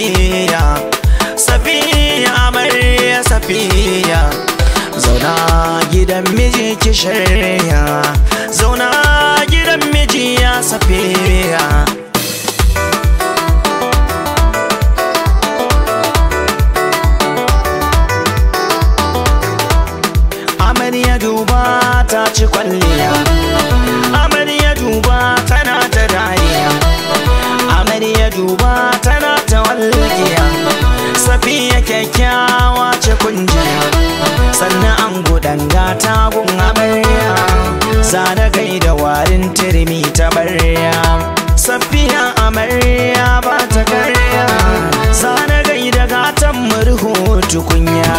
safiya safiya amarya safiya zauna gidan miji ki shirya zauna gidan miji ya safiya safiya kyakkyawa ce kunjiya sannan an gudan gata gun abarya zana da warin turmi ta barya safiya amarya ba ta karya zana da gatan murhu tukunya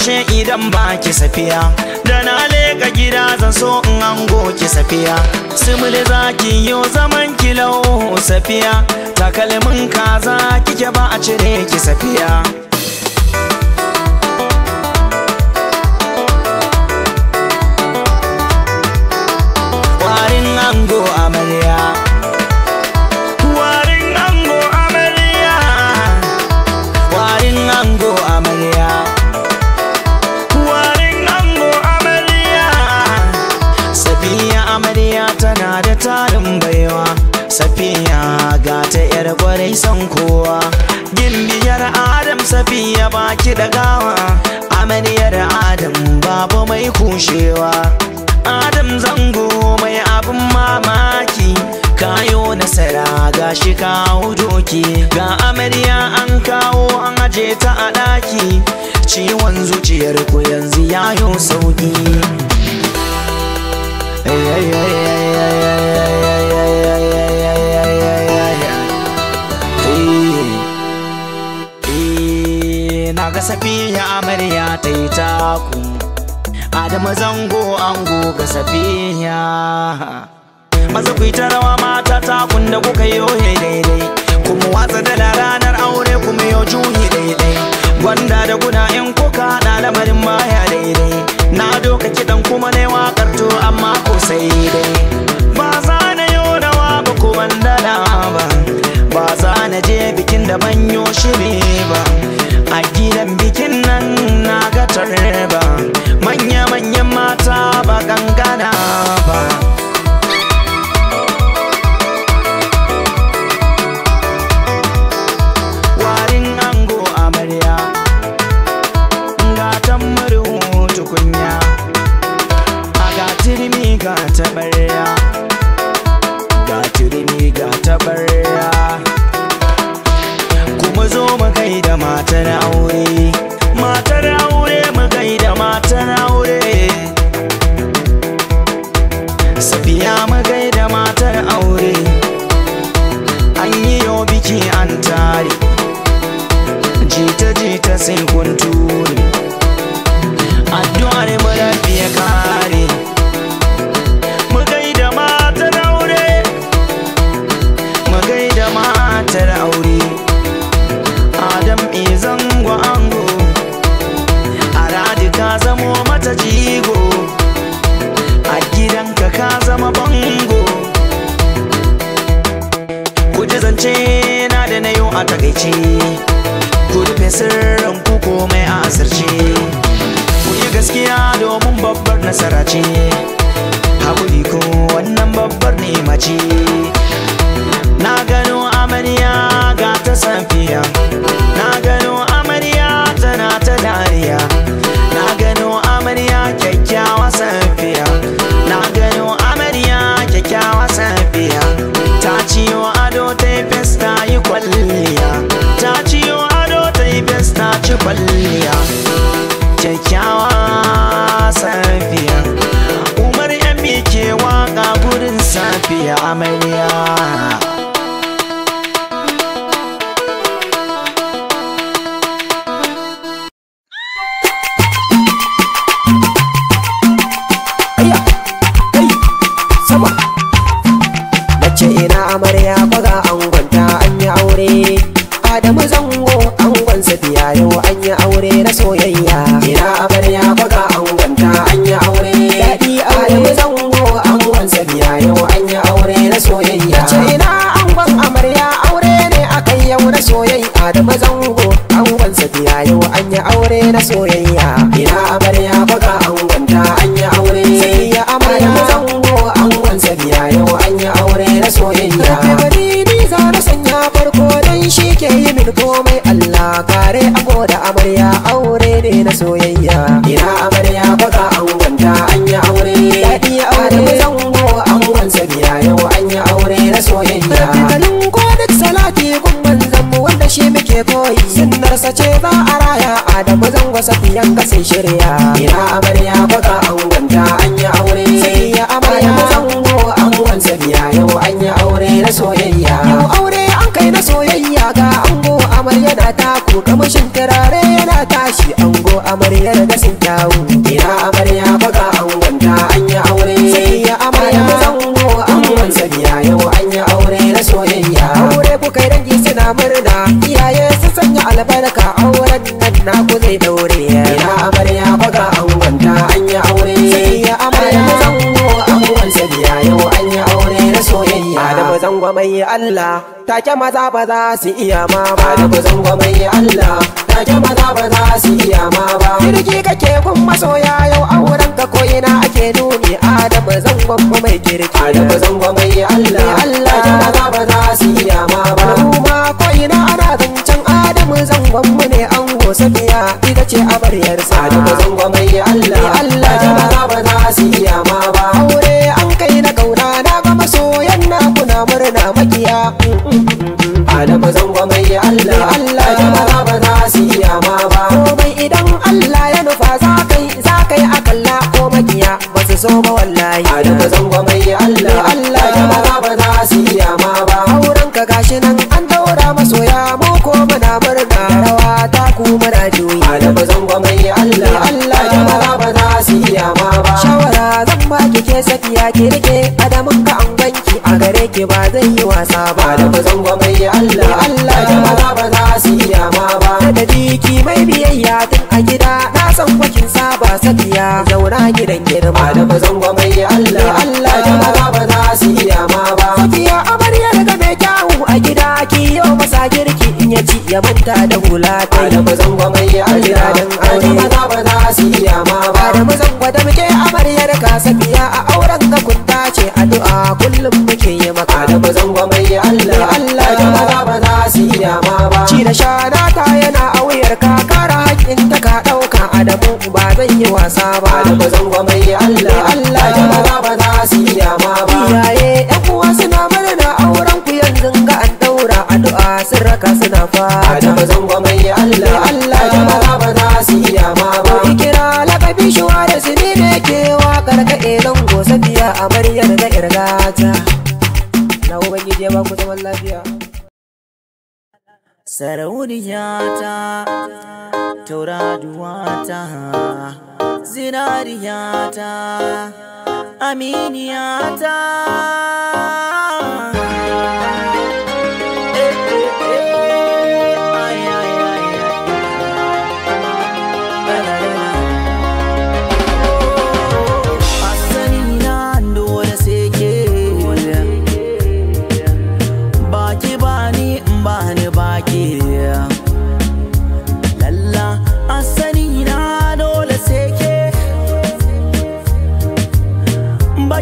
ashe idan ba ki safiya da na leka gida zan so in ango ki safiya Simili za ki yo zaman ki lau safiya takalmin kaza kike ba a cire ki safiya son kowa gimbiyar adam safiya baki da gawa amaryar adam babu mai kushewa adam zango mai abin mamaki kayo nasara shi kawo doki ga amarya an kawo an aje ta a ɗaki ciwon zuciyar ku yanzu yayo sauki ay, ay, ay, ay, ay, ay, ay. ga safiya amarya ta yi taku adamu zango ango ga safiya maza ku yi ta rawa mata takun da kuka yi ohe daidai kuma watsa dala ranar aure kuma yau juhi daidai gwanda da guna in kuka na lamarin maya daidai na doka kiɗan kuma ne waƙar to amma ko sai dai ba za na yi rawa ba kuma dala ba ba za na je bikin da ban yi shiri ba wata ba manya-manyan mata ba gangana ba ya magai da matar aure an yi yau biki an tare jita-jita sai kun kwalliya an yi aure na soyayya Sunnarsa ce za a raya Adamu zango ka kasin shirya Ina amarya kwata angonta an yi aure Sai ya amarya zango sa biya yau an yi aure na soyayya Yau aure an kai na soyayya ga ango amarya na taku kamashin turare yana tashi ango amarya da sun kyawu Ina amarya kwata angonta an yi aure Sai ya amarya zango sa biya yau an yi aure na soyayya Aure ku kai dangi suna murna iyaye albarka auren nan na ku zai daure ina amarya baka angon ta an yi aure sai ya amarya zan zango angon sabiya yau an yi aure na soyayya adamu zango mai Allah take maza ba za su iya ma ba adamu zango mai Allah take maza ba za su iya ma ba kirki kake kun masoya yau auren ka ko ina ake nuni adamu zango mai kirki adamu zango mai Allah Allah take maza ba za su iya ma ba ni Allah Allah jama'a ba za su iya ma ba aure an kai na kauna na ga masoyan na kuna murna makiya Adama zango mai Allah Allah jama'a ba za su iya ma ba komai idan Allah ya nufa za kai za kai akalla ko makiya ba su so ba wallahi Adama zango mai Allah Allah jama'a ba za su iya ma ba auren ka gashi nan nake ba zan yi wasa ba da bazan gwamai Allah Allah da maza ba za su yi ma ba da diki mai biyayya tun a gida na san kwakin saba sabiya zauna gidan girma da bazan gwamai Allah Allah da maza ba za su yi ma ba sakiya amarya daga mai kyawu a gida ki yau masa girki in ya ci ya manta da hula kai da bazan gwamai Allah dan aure maza ba za su yi ma ba da zango da muke amaryar ka sakiya a kullum muke yi maka da mazan mai Allah Allah da maza ba za su yi dama ba ci da shana ta yana a wuyar ka kara hakkin ta ka ɗauka adamu ba zan yi wasa ba da mazan mai Allah Allah da maza ba za su yi dama ba ya ba ku zaman lafiya. Sarauniyata, tauraduwata, zinariyata, aminiyata.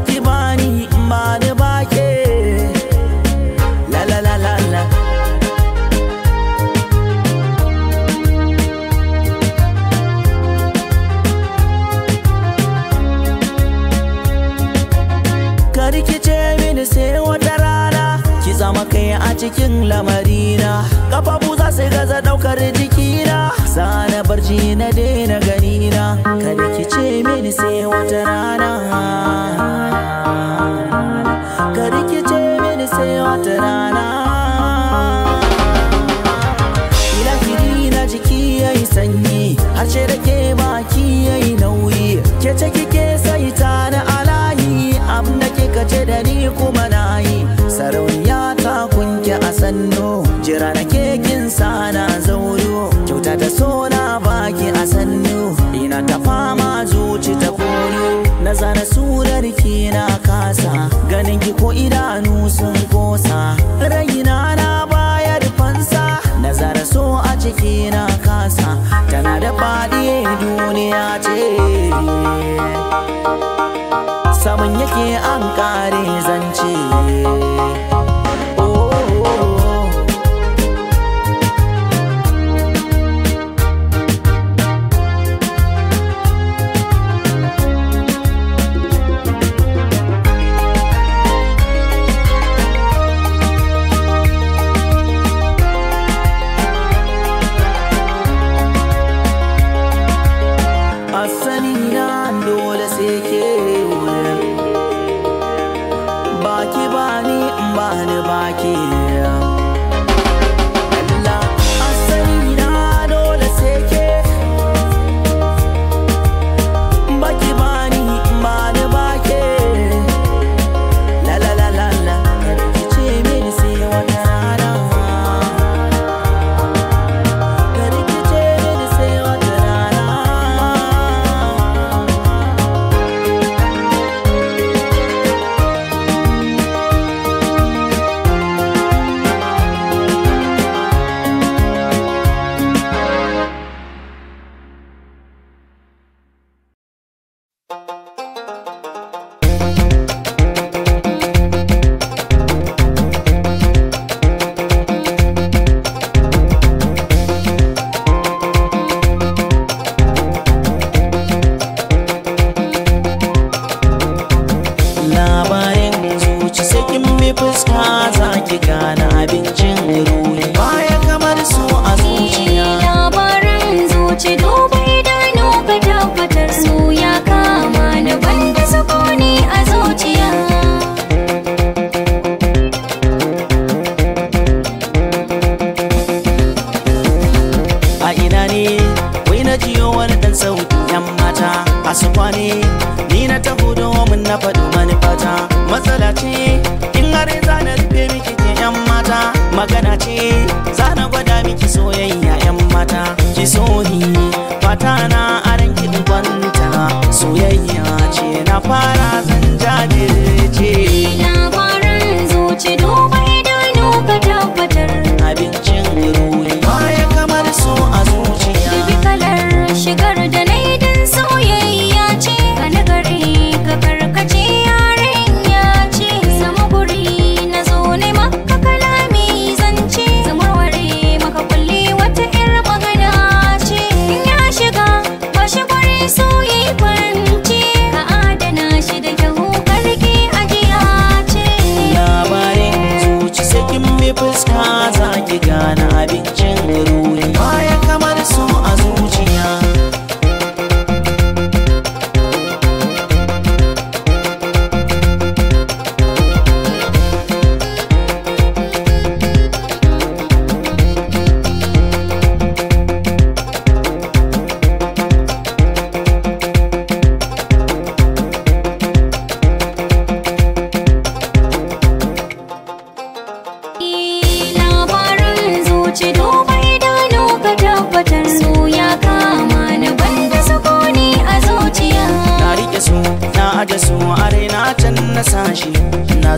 ki bani ba ni ba mini sai wata rana ki zama kai a cikin lamarina kafafu buza su gaza daukar jikina sana barci na daina ganina Ka rikice mini sai wata rana sanno jira na kekin sana zauro kyauta ta na baki a sannu ina ta fama zuci ta koyo na zana surar ki na kasa ganin ki ko idanu sun kosa raina na bayar fansa na zara so a ciki na kasa tana da faɗi duniya ce samun yake an ƙare zance eh zana gwada miki soyayya yan mata ki sohi fata na aran ki soyayya ce na fara zan jajiri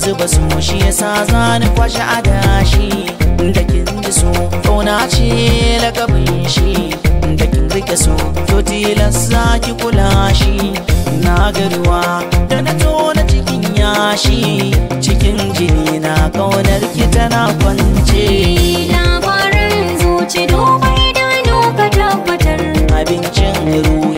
zuba su shi yasa zani kwashe adashi da kin ji so kauna ce lakabin shi da kin rike so to tilasta ki kula shi na garuwa da na tona cikin yashi cikin jini na kaunar ki tana kwance labarin zuci dubai da nuka tabbatar abincin ruwa